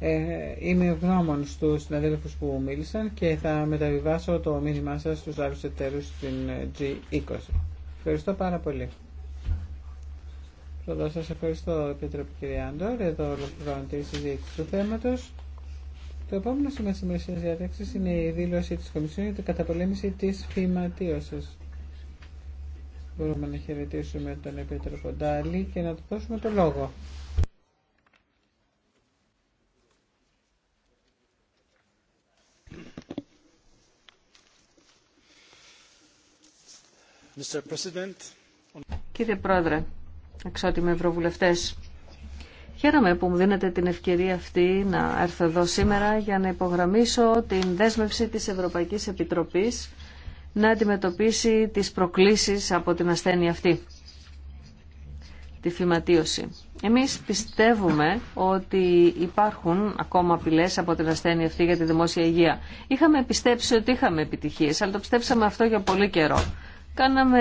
Ε, είμαι ευγνώμων στου συναδέλφου που μίλησαν και θα μεταβιβάσω το μήνυμά σα στους άλλου εταίρου στην ε, G20. Ευχαριστώ πάρα πολύ. Πρώτα σα ευχαριστώ Επίτροπη κυρία Άντορ. Εδώ ολοκληρώνω τη συζήτηση του θέματο. Το επόμενο σημείο της σημερινής είναι η δήλωση τη Κομισιόν για την καταπολέμηση τη φυματίωση. Μπορούμε να χαιρετήσουμε τον Επίτροπο Ντάλι και να του δώσουμε το λόγο. Κύριε Πρόεδρε, εξότιμοι ευρωβουλευτές, χαίρομαι που μου δίνετε την ευκαιρία αυτή να έρθω εδώ σήμερα για να υπογραμμίσω την δέσμευση της Ευρωπαϊκής Επιτροπής να αντιμετωπίσει τις προκλήσεις από την ασθένεια αυτή, τη φυματίωση. Εμείς πιστεύουμε ότι υπάρχουν ακόμα απειλές από την ασθένεια αυτή για τη δημόσια υγεία. Είχαμε πιστέψει ότι είχαμε επιτυχίες, αλλά το πιστέψαμε αυτό για πολύ καιρό. Κάναμε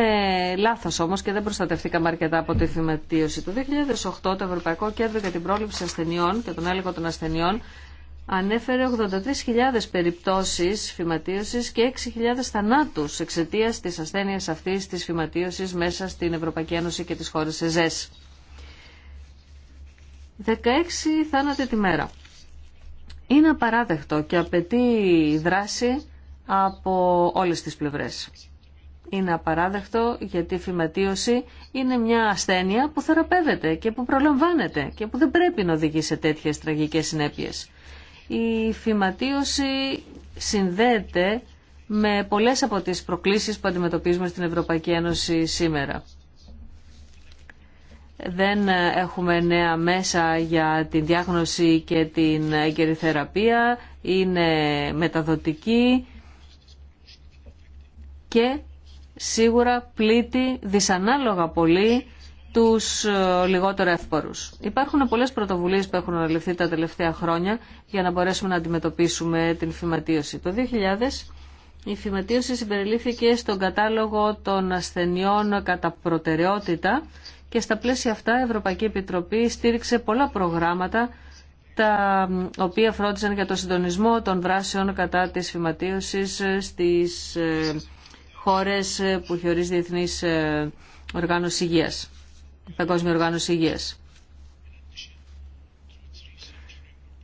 λάθο όμω και δεν προστατευτήκαμε αρκετά από τη φυματίωση. Το 2008 το Ευρωπαϊκό Κέντρο για την Πρόληψη Ασθενειών και τον έλεγχο των ασθενειών ανέφερε 83.000 περιπτώσει φυματίωσης και 6.000 θανάτου εξαιτία τη ασθένεια αυτή τη φυματίωσης μέσα στην Ευρωπαϊκή Ένωση και τι χώρε Εζέ. 16 θάνατοι τη μέρα. Είναι απαράδεκτο και απαιτεί δράση από όλες τις πλευρές είναι απαράδεκτο γιατί η φυματίωση είναι μια ασθένεια που θεραπεύεται και που προλαμβάνεται και που δεν πρέπει να οδηγεί σε τέτοιες τραγικές συνέπειες. Η φυματίωση συνδέεται με πολλές από τις προκλήσεις που αντιμετωπίζουμε στην Ευρωπαϊκή Ένωση σήμερα. Δεν έχουμε νέα μέσα για την διάγνωση και την έγκαιρη είναι μεταδοτική και σίγουρα πλήττει δυσανάλογα πολύ τους ε, λιγότερο εύπορους. Υπάρχουν πολλές πρωτοβουλίες που έχουν αναλυθεί τα τελευταία χρόνια για να μπορέσουμε να αντιμετωπίσουμε την φυματίωση. Το 2000 η φυματίωση συμπεριλήφθηκε στον κατάλογο των ασθενειών κατά προτεραιότητα και στα πλαίσια αυτά η Ευρωπαϊκή Επιτροπή στήριξε πολλά προγράμματα τα οποία φρόντιζαν για το συντονισμό των δράσεων κατά της φυματίωσης ε, στις ε, χώρες ε, που έχει ορίσει Διεθνής ε, Οργάνωση Υγείας, Παγκόσμια Οργάνωση Υγείας.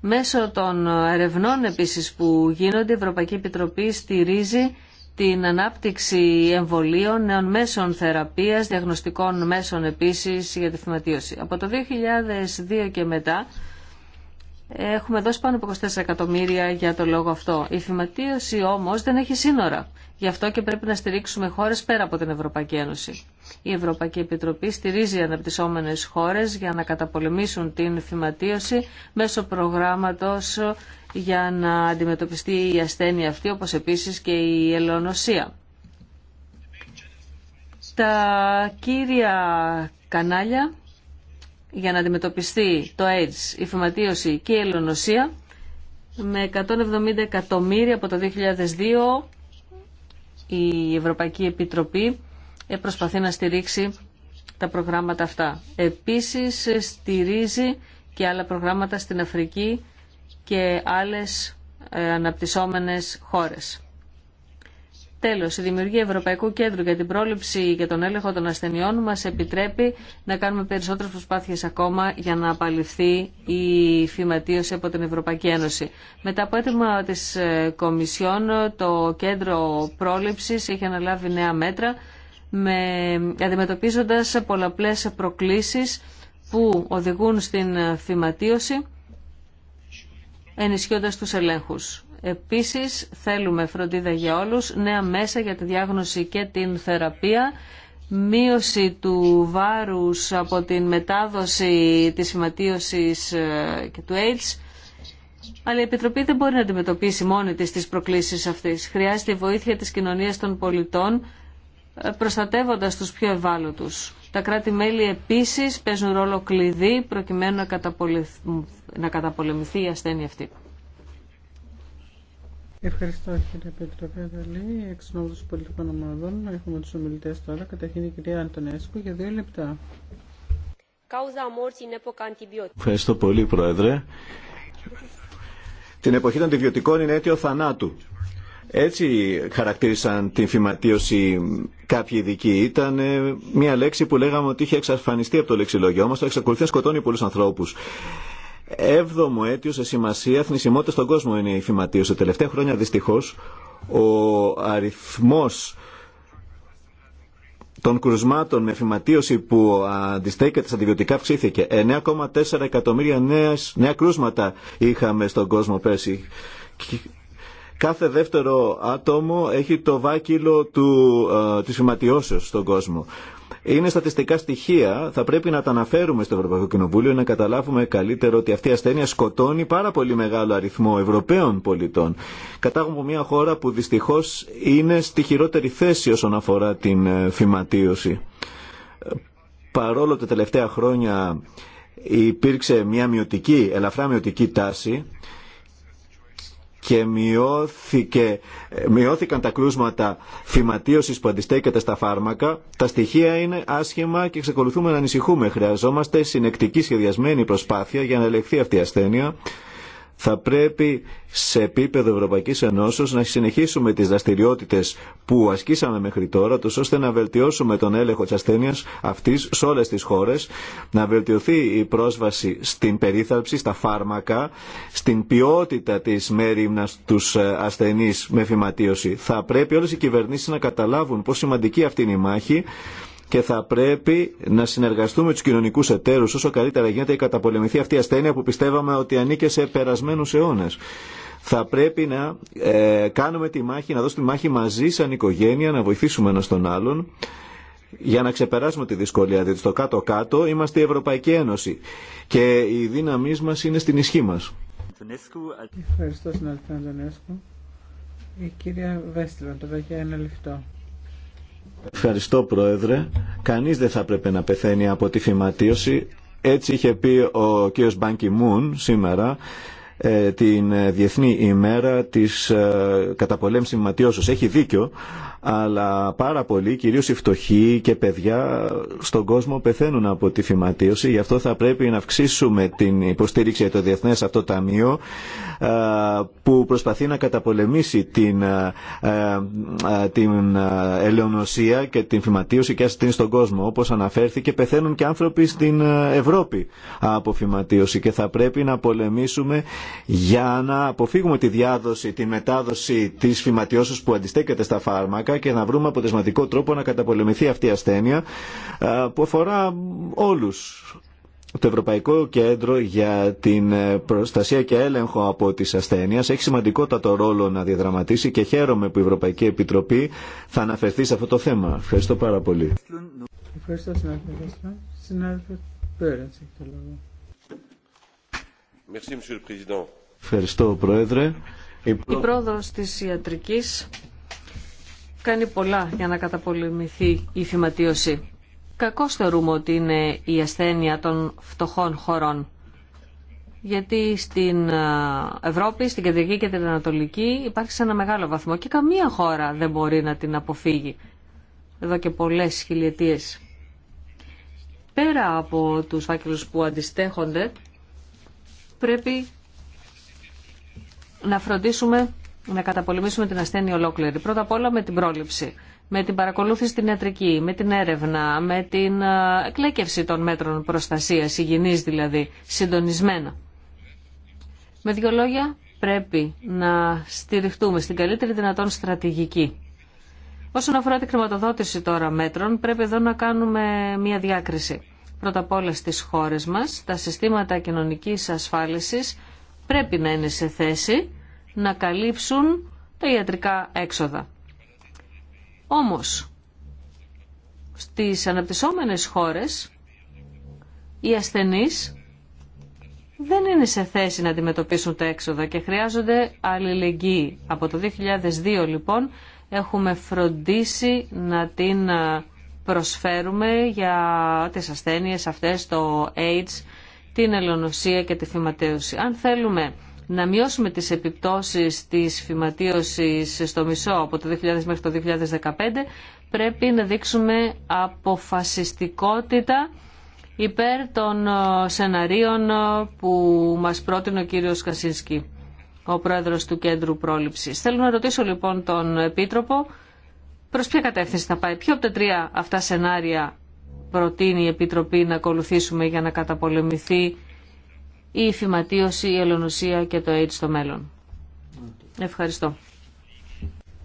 Μέσω των ερευνών επίσης που γίνονται, η Ευρωπαϊκή Επιτροπή στηρίζει την ανάπτυξη εμβολίων, νέων μέσων θεραπείας, διαγνωστικών μέσων επίσης για τη θυματίωση. Από το 2002 και μετά έχουμε δώσει πάνω από 24 εκατομμύρια για το λόγο αυτό. Η θυματίωση όμως δεν έχει σύνορα. Γι' αυτό και πρέπει να στηρίξουμε χώρε πέρα από την Ευρωπαϊκή Ένωση. Η Ευρωπαϊκή Επιτροπή στηρίζει αναπτυσσόμενε χώρε για να καταπολεμήσουν την φυματίωση μέσω προγράμματο για να αντιμετωπιστεί η ασθένεια αυτή, όπω επίση και η ελαιονοσία. Τα κύρια κανάλια για να αντιμετωπιστεί το AIDS, η φυματίωση και η ελαιονοσία με 170 εκατομμύρια από το 2002 η Ευρωπαϊκή Επιτροπή ε, προσπαθεί να στηρίξει τα προγράμματα αυτά. Επίσης ε, στηρίζει και άλλα προγράμματα στην Αφρική και άλλες ε, αναπτυσσόμενες χώρες. Τέλος, η δημιουργία Ευρωπαϊκού Κέντρου για την πρόληψη και τον έλεγχο των ασθενειών μας επιτρέπει να κάνουμε περισσότερε προσπάθειε ακόμα για να απαλληφθεί η φυματίωση από την Ευρωπαϊκή Ένωση. Μετά από έτοιμα της ε, Κομισιόν, το Κέντρο Πρόληψης έχει αναλάβει νέα μέτρα με, αντιμετωπίζοντας πολλαπλές προκλήσεις που οδηγούν στην ε, φυματίωση ενισχύοντας τους ελέγχους. Επίσης θέλουμε φροντίδα για όλους, νέα μέσα για τη διάγνωση και την θεραπεία, μείωση του βάρους από την μετάδοση της φυματίωσης ε, και του AIDS, αλλά η Επιτροπή δεν μπορεί να αντιμετωπίσει μόνη της τις προκλήσεις αυτές. Χρειάζεται η βοήθεια της κοινωνίας των πολιτών, ε, προστατεύοντας τους πιο ευάλωτους. Τα κράτη-μέλη επίσης παίζουν ρόλο κλειδί προκειμένου να καταπολεμηθεί η ασθένεια αυτή. Ευχαριστώ κύριε Πέτρο Καταλή. Εξ νόμου των πολιτικών ομάδων έχουμε τους ομιλητές τώρα. Καταρχήν η κυρία Αντωνέσκου για δύο λεπτά. Ευχαριστώ πολύ Πρόεδρε. Την εποχή των αντιβιωτικών είναι αίτιο θανάτου. Έτσι χαρακτήρισαν την φυματίωση κάποιοι ειδικοί. Ήταν ε, μια λέξη που λέγαμε ότι είχε εξαφανιστεί από το λεξιλόγιο, όμως το εξακολουθεί να σκοτώνει πολλούς ανθρώπους έβδομο αίτιο σε σημασία θνησιμότητα στον κόσμο είναι η φηματίωση. Τα τελευταία χρόνια δυστυχώς ο αριθμός των κρουσμάτων με φυματίωση που αντιστέκεται στα αντιβιωτικά αυξήθηκε. 9,4 εκατομμύρια νέα κρούσματα είχαμε στον κόσμο πέρσι. Κάθε δεύτερο άτομο έχει το βάκυλο του, ε, της φυματιώσεως στον κόσμο είναι στατιστικά στοιχεία, θα πρέπει να τα αναφέρουμε στο Ευρωπαϊκό Κοινοβούλιο, να καταλάβουμε καλύτερο ότι αυτή η ασθένεια σκοτώνει πάρα πολύ μεγάλο αριθμό Ευρωπαίων πολιτών. Κατάγουμε από μια χώρα που δυστυχώ είναι στη χειρότερη θέση όσον αφορά την ε, φυματίωση. Παρόλο τα τελευταία χρόνια υπήρξε μια μειωτική, ελαφρά μειωτική τάση, και μειώθηκε, μειώθηκαν τα κρούσματα φυματίωσης που αντιστέκεται στα φάρμακα, τα στοιχεία είναι άσχημα και εξακολουθούμε να ανησυχούμε. Χρειαζόμαστε συνεκτική σχεδιασμένη προσπάθεια για να ελεγχθεί αυτή η ασθένεια θα πρέπει σε επίπεδο Ευρωπαϊκής Ενώσεως να συνεχίσουμε τις δραστηριότητες που ασκήσαμε μέχρι τώρα, τους, ώστε να βελτιώσουμε τον έλεγχο της ασθένειας αυτής σε όλες τις χώρες, να βελτιωθεί η πρόσβαση στην περίθαλψη, στα φάρμακα, στην ποιότητα της μέρημνας τους ε, ασθενείς με φυματίωση. Θα πρέπει όλες οι κυβερνήσεις να καταλάβουν πόσο σημαντική αυτή είναι η μάχη και θα πρέπει να συνεργαστούμε του κοινωνικούς εταίρους όσο καλύτερα γίνεται η καταπολεμηθεί αυτή η ασθένεια που πιστεύαμε ότι ανήκε σε περασμένους αιώνε. Θα πρέπει να ε, κάνουμε τη μάχη, να δώσουμε τη μάχη μαζί σαν οικογένεια, να βοηθήσουμε ένα τον άλλον για να ξεπεράσουμε τη δυσκολία, διότι στο κάτω-κάτω είμαστε η Ευρωπαϊκή Ένωση και η δύναμή μα είναι στην ισχύ μα. Ευχαριστώ, Η κυρία το Ευχαριστώ Πρόεδρε. Κανείς δεν θα πρέπει να πεθαίνει από τη φυματίωση. Έτσι είχε πει ο κ. Μπάνκι Μουν σήμερα ε, την ε, Διεθνή ημέρα της ε, καταπολέμησης ματιώσεως. Έχει δίκιο, αλλά πάρα πολύ, κυρίως οι φτωχοί και παιδιά στον κόσμο πεθαίνουν από τη φυματίωση. Γι' αυτό θα πρέπει να αυξήσουμε την υποστήριξη για το Διεθνές αυτό ταμείο που προσπαθεί να καταπολεμήσει την, την και την φυματίωση και την στον κόσμο. Όπως αναφέρθηκε, πεθαίνουν και άνθρωποι στην Ευρώπη από φυματίωση και θα πρέπει να πολεμήσουμε για να αποφύγουμε τη διάδοση, τη μετάδοση της φυματιώσεω που αντιστέκεται στα φάρμακα και να βρούμε αποτελεσματικό τρόπο να καταπολεμηθεί αυτή η ασθένεια ε, που αφορά όλους. Το Ευρωπαϊκό Κέντρο για την ε, Προστασία και Έλεγχο από τις Ασθένειες έχει σημαντικότατο ρόλο να διαδραματίσει και χαίρομαι που η Ευρωπαϊκή Επιτροπή θα αναφερθεί σε αυτό το θέμα. Ευχαριστώ πάρα πολύ. Ευχαριστώ, συνάδελφε. Συνάδελφε, Ευχαριστώ, Πρόεδρε. Η πρόοδος της ιατρικής κάνει πολλά για να καταπολεμηθεί η φυματίωση. Κακώς θεωρούμε ότι είναι η ασθένεια των φτωχών χωρών. Γιατί στην Ευρώπη, στην Κεντρική και την Ανατολική υπάρχει σε ένα μεγάλο βαθμό και καμία χώρα δεν μπορεί να την αποφύγει. Εδώ και πολλές χιλιετίες. Πέρα από τους φάκελους που αντιστέχονται, πρέπει να φροντίσουμε να καταπολεμήσουμε την ασθένεια ολόκληρη. Πρώτα απ' όλα με την πρόληψη, με την παρακολούθηση στην ιατρική, με την έρευνα, με την εκλέκευση των μέτρων προστασίας, υγιεινής δηλαδή, συντονισμένα. Με δύο λόγια, πρέπει να στηριχτούμε στην καλύτερη δυνατόν στρατηγική. Όσον αφορά τη χρηματοδότηση τώρα μέτρων, πρέπει εδώ να κάνουμε μία διάκριση πρώτα απ' όλα στις χώρες μας, τα συστήματα κοινωνικής ασφάλισης πρέπει να είναι σε θέση να καλύψουν τα ιατρικά έξοδα. Όμως, στις αναπτυσσόμενες χώρες, οι ασθενείς δεν είναι σε θέση να αντιμετωπίσουν τα έξοδα και χρειάζονται αλληλεγγύη. Από το 2002 λοιπόν έχουμε φροντίσει να την προσφέρουμε για τις ασθένειες αυτές, το AIDS, την ελονοσία και τη φυματίωση. Αν θέλουμε να μειώσουμε τις επιπτώσεις της φυματίωσης στο μισό από το 2000 μέχρι το 2015, πρέπει να δείξουμε αποφασιστικότητα υπέρ των ε, σεναρίων ε, που μας πρότεινε ο κύριος Κασίνσκι, ο πρόεδρος του Κέντρου Πρόληψης. Θέλω να ρωτήσω λοιπόν τον Επίτροπο προς ποια κατεύθυνση θα πάει, ποιο από τα τρία αυτά σενάρια προτείνει η Επιτροπή να ακολουθήσουμε για να καταπολεμηθεί η φυματίωση, η ελονοσία και το AIDS στο μέλλον. Ευχαριστώ.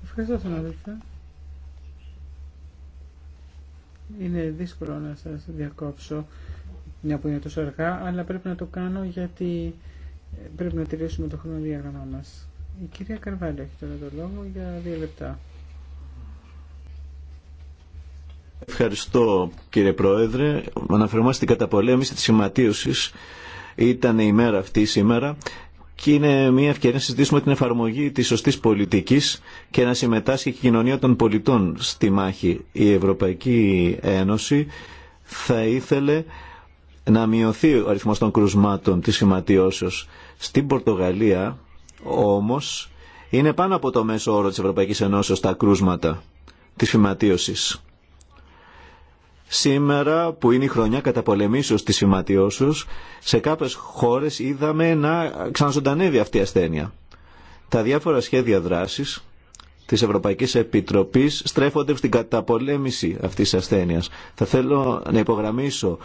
Ευχαριστώ συνάδελφε. Είναι δύσκολο να σας διακόψω μια που είναι τόσο αργά, αλλά πρέπει να το κάνω γιατί ε, πρέπει να τηρήσουμε το χρονοδιάγραμμά μας. Η κυρία Καρβάλη έχει τώρα το λόγο για δύο λεπτά. Ευχαριστώ κύριε Πρόεδρε. Αναφερόμαστε στην καταπολέμηση της σηματίωσης. Ήταν η μέρα αυτή σήμερα και είναι μια ευκαιρία να συζητήσουμε την εφαρμογή της σωστής πολιτικής και να συμμετάσχει η κοινωνία των πολιτών στη μάχη. Η Ευρωπαϊκή Ένωση θα ήθελε να μειωθεί ο αριθμός των κρουσμάτων της σηματίωσης. Στην Πορτογαλία όμως είναι πάνω από το μέσο όρο της Ευρωπαϊκής Ένωσης τα κρούσματα της φυματίωσης. Σήμερα που είναι η χρονιά καταπολεμήσεως της φυματιώσεως, σε κάποιες χώρες είδαμε να ξαναζωντανεύει αυτή η ασθένεια. Τα διάφορα σχέδια δράσης της Ευρωπαϊκής Επιτροπής στρέφονται στην καταπολέμηση αυτής της ασθένειας. Θα θέλω να υπογραμμίσω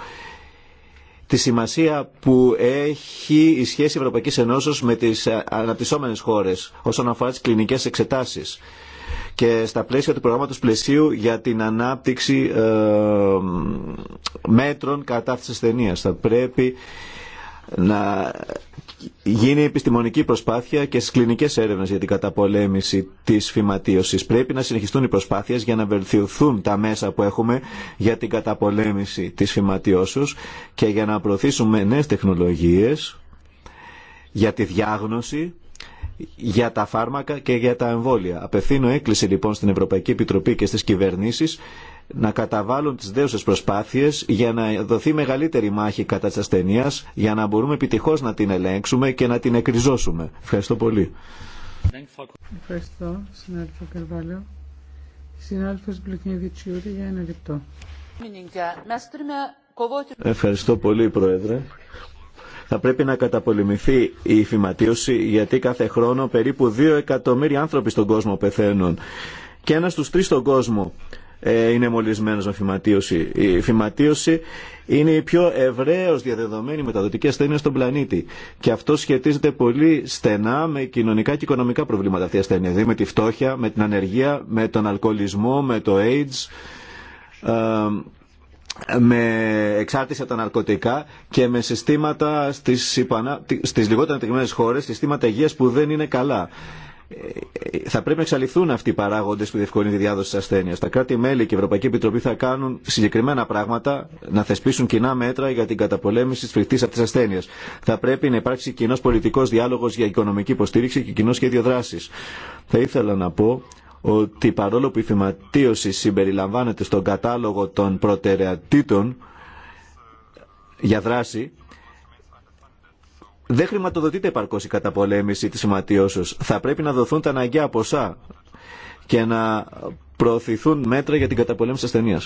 τη σημασία που έχει η σχέση Ευρωπαϊκής Ενώσεως με τις αναπτυσσόμενες χώρες όσον αφορά τις κλινικές εξετάσεις και στα πλαίσια του προγράμματος πλαισίου για την ανάπτυξη ε, μέτρων κατά της Θα πρέπει να γίνει επιστημονική προσπάθεια και στις κλινικές έρευνες για την καταπολέμηση της φυματίωσης. Πρέπει να συνεχιστούν οι προσπάθειες για να βελτιωθούν τα μέσα που έχουμε για την καταπολέμηση της φυματίωσης και για να προωθήσουμε νέες τεχνολογίες για τη διάγνωση για τα φάρμακα και για τα εμβόλια. Απευθύνω έκκληση λοιπόν στην Ευρωπαϊκή Επιτροπή και στις κυβερνήσεις να καταβάλουν τις δέουσες προσπάθειες για να δοθεί μεγαλύτερη μάχη κατά της ασθενείας για να μπορούμε επιτυχώς να την ελέγξουμε και να την εκριζώσουμε. Ευχαριστώ πολύ. Ευχαριστώ, Ευχαριστώ πολύ, Πρόεδρε. Θα πρέπει να καταπολεμηθεί η φυματίωση, γιατί κάθε χρόνο περίπου 2 εκατομμύρια άνθρωποι στον κόσμο πεθαίνουν και ένας στους τρεις στον κόσμο ε, είναι μολυσμένος με φυματίωση. Η φυματίωση είναι η πιο ευρέως διαδεδομένη μεταδοτική ασθένεια στον πλανήτη. Και αυτό σχετίζεται πολύ στενά με κοινωνικά και οικονομικά προβλήματα αυτή η ασθένεια. Δηλαδή με τη φτώχεια, με την ανεργία, με τον αλκοολισμό, με το AIDS ε, με εξάρτηση από τα ναρκωτικά και με συστήματα στις, στις λιγότερα ανεπτυγμένες χώρες, συστήματα υγείας που δεν είναι καλά. Ε, θα πρέπει να εξαλειφθούν αυτοί οι παράγοντε που διευκολύνουν τη διάδοση τη ασθένεια. Τα κράτη-μέλη και η Ευρωπαϊκή Επιτροπή θα κάνουν συγκεκριμένα πράγματα, να θεσπίσουν κοινά μέτρα για την καταπολέμηση τη φρικτή αυτή ασθένεια. Θα πρέπει να υπάρξει κοινό πολιτικό διάλογο για οικονομική υποστήριξη και κοινό σχέδιο δράση. Θα ήθελα να πω ότι παρόλο που η φυματίωση συμπεριλαμβάνεται στον κατάλογο των προτεραιατήτων για δράση, δεν χρηματοδοτείται επαρκώ η καταπολέμηση τη φυματίωσεω. Θα πρέπει να δοθούν τα αναγκαία ποσά και να προωθηθούν μέτρα για την καταπολέμηση ασθενεία.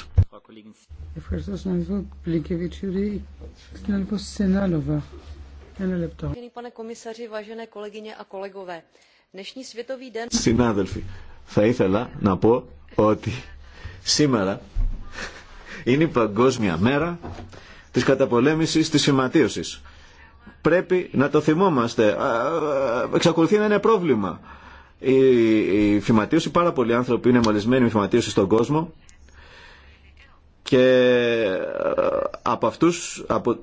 Συνάδελφοι, θα ήθελα να πω ότι σήμερα είναι η Παγκόσμια Μέρα της καταπολέμησης της φυματίωσης. Πρέπει να το θυμόμαστε. Εξακολουθεί να είναι πρόβλημα. Η φυματίωση, πάρα πολλοί άνθρωποι είναι μολυσμένοι με φυματίωση στον κόσμο και ε, από αυτούς από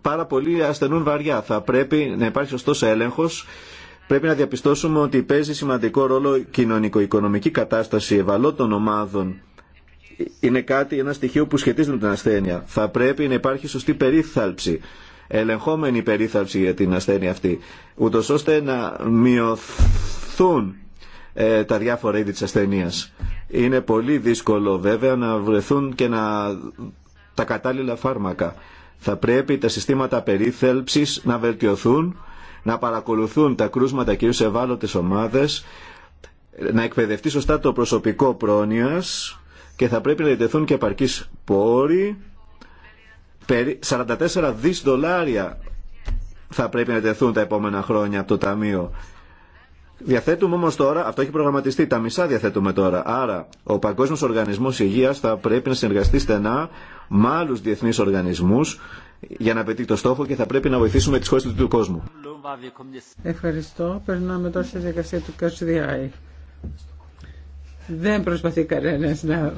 πάρα πολλοί ασθενούν βαριά. Θα πρέπει να υπάρχει σωστός έλεγχος Πρέπει να διαπιστώσουμε ότι παίζει σημαντικό η ρόλο κοινωνικο-οικονομική κατάσταση ευαλώτων ομάδων. Είναι κάτι, ένα στοιχείο που σχετίζεται με την ασθένεια. Θα πρέπει να υπάρχει σωστή περίθαλψη ελεγχόμενη περίθαλψη για την ασθένεια αυτή, ούτω ώστε να μειωθούν ε, τα διάφορα είδη της ασθένεια. Είναι πολύ δύσκολο βέβαια να βρεθούν και να τα κατάλληλα φάρμακα. Θα πρέπει τα συστήματα περίθαλψης να βελτιωθούν να παρακολουθούν τα κρούσματα κυρίως σε ευάλωτες ομάδες, να εκπαιδευτεί σωστά το προσωπικό πρόνοιας και θα πρέπει να διτεθούν και επαρκείς πόροι. 44 δις δολάρια θα πρέπει να τεθούν τα επόμενα χρόνια από το Ταμείο. Διαθέτουμε όμως τώρα, αυτό έχει προγραμματιστεί, τα μισά διαθέτουμε τώρα. Άρα, ο Παγκόσμιος Οργανισμός Υγείας θα πρέπει να συνεργαστεί στενά με άλλου διεθνείς οργανισμούς για να πετύχει το στόχο και θα πρέπει να βοηθήσουμε τις χώρε του κόσμου. Ευχαριστώ. Περνάμε τώρα στη διαδικασία του Κατσουδιάη. Δεν προσπαθεί κανένα να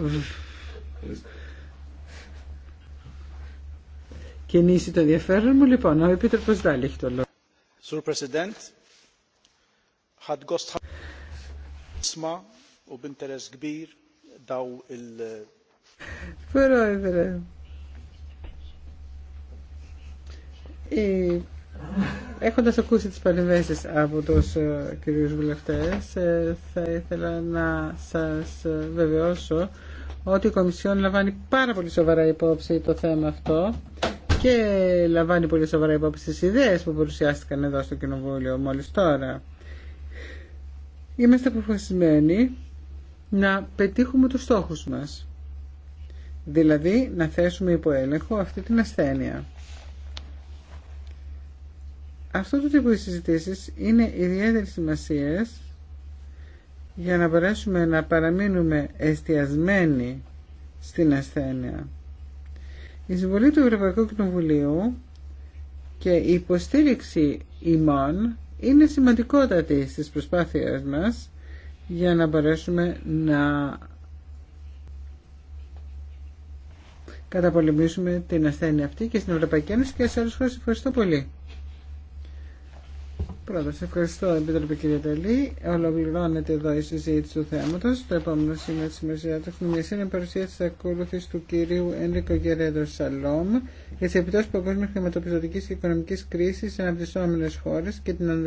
κινήσει το ενδιαφέρον μου. Λοιπόν, ο Επίτροπο Δάλη έχει το λόγο. Uh, Πρόεδρε, Έχοντας ακούσει τις παρεμβέσεις από τους ε, κυρίους βουλευτές, ε, θα ήθελα να σας ε, βεβαιώσω ότι η Κομισιόν λαμβάνει πάρα πολύ σοβαρά υπόψη το θέμα αυτό και λαμβάνει πολύ σοβαρά υπόψη τις ιδέες που παρουσιάστηκαν εδώ στο Κοινοβούλιο μόλις τώρα. Είμαστε αποφασισμένοι να πετύχουμε τους στόχους μας. Δηλαδή να θέσουμε υπό αυτή την ασθένεια. Αυτό το τύπο συζητήσεις είναι ιδιαίτερη σημασία για να μπορέσουμε να παραμείνουμε εστιασμένοι στην ασθένεια. Η συμβολή του Ευρωπαϊκού Κοινοβουλίου και η υποστήριξη ημών είναι σημαντικότατη στις προσπάθειές μας για να μπορέσουμε να καταπολεμήσουμε την ασθένεια αυτή και στην Ευρωπαϊκή Ένωση και σε άλλες χώρες. Ευχαριστώ πολύ σε ευχαριστώ Επίτροπε κύριε Τελή. Ολοκληρώνεται εδώ η συζήτηση του θέματο. Το επόμενο σήμερα της ημερησιάτας είναι η παρουσία τη ακολούθηση του κυρίου Ένρικο Γερέδο Σαλόμ για τι επιπτώσει παγκόσμια χρηματοπιστωτική και οικονομική κρίση σε αναπτυσσόμενε χώρε και την